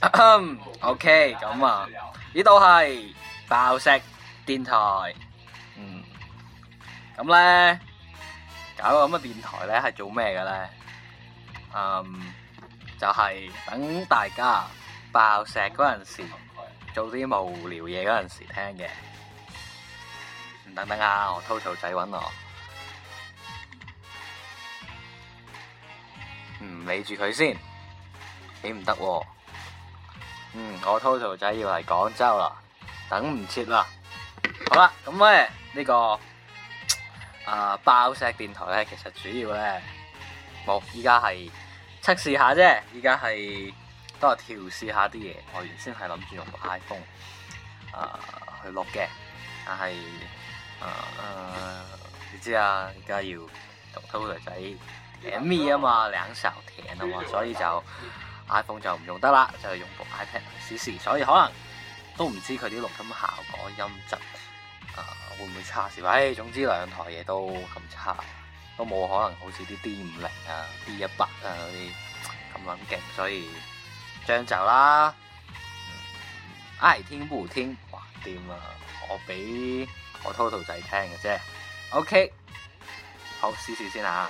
嗯，OK，咁啊，呢度係爆石電台，嗯，咁咧搞個咁嘅電台咧係做咩嘅咧？嗯，就係等大家爆石嗰陣時，做啲無聊嘢嗰陣時聽嘅。唔等等啊，我吐槽仔揾我，唔理住佢先，你唔得喎。嗯，我禿頭仔要嚟廣州啦，等唔切啦。好啦，咁咧呢個啊爆、呃、石電台咧，其實主要咧冇，依家係測試下啫，依家係都係調試下啲嘢。我原先係諗住用 iPhone 啊、呃、去錄嘅，但係啊、呃呃、你知啊，而家要同禿頭仔 M 啊嘛，兩手舔啊嘛，所以就。iPhone 就唔用得啦，就用部 iPad 嚟試試，所以可能都唔知佢啲錄音效果、音質啊、呃，會唔會差？是、哎、唉，總之兩台嘢都咁差，都冇可能好似啲 D 五零啊、啊 D 一百啊嗰啲咁撚勁，所以將就啦。I、嗯哎、天不如聽，哇！掂啊，我俾我 total 仔聽嘅啫。OK，好試試先啊。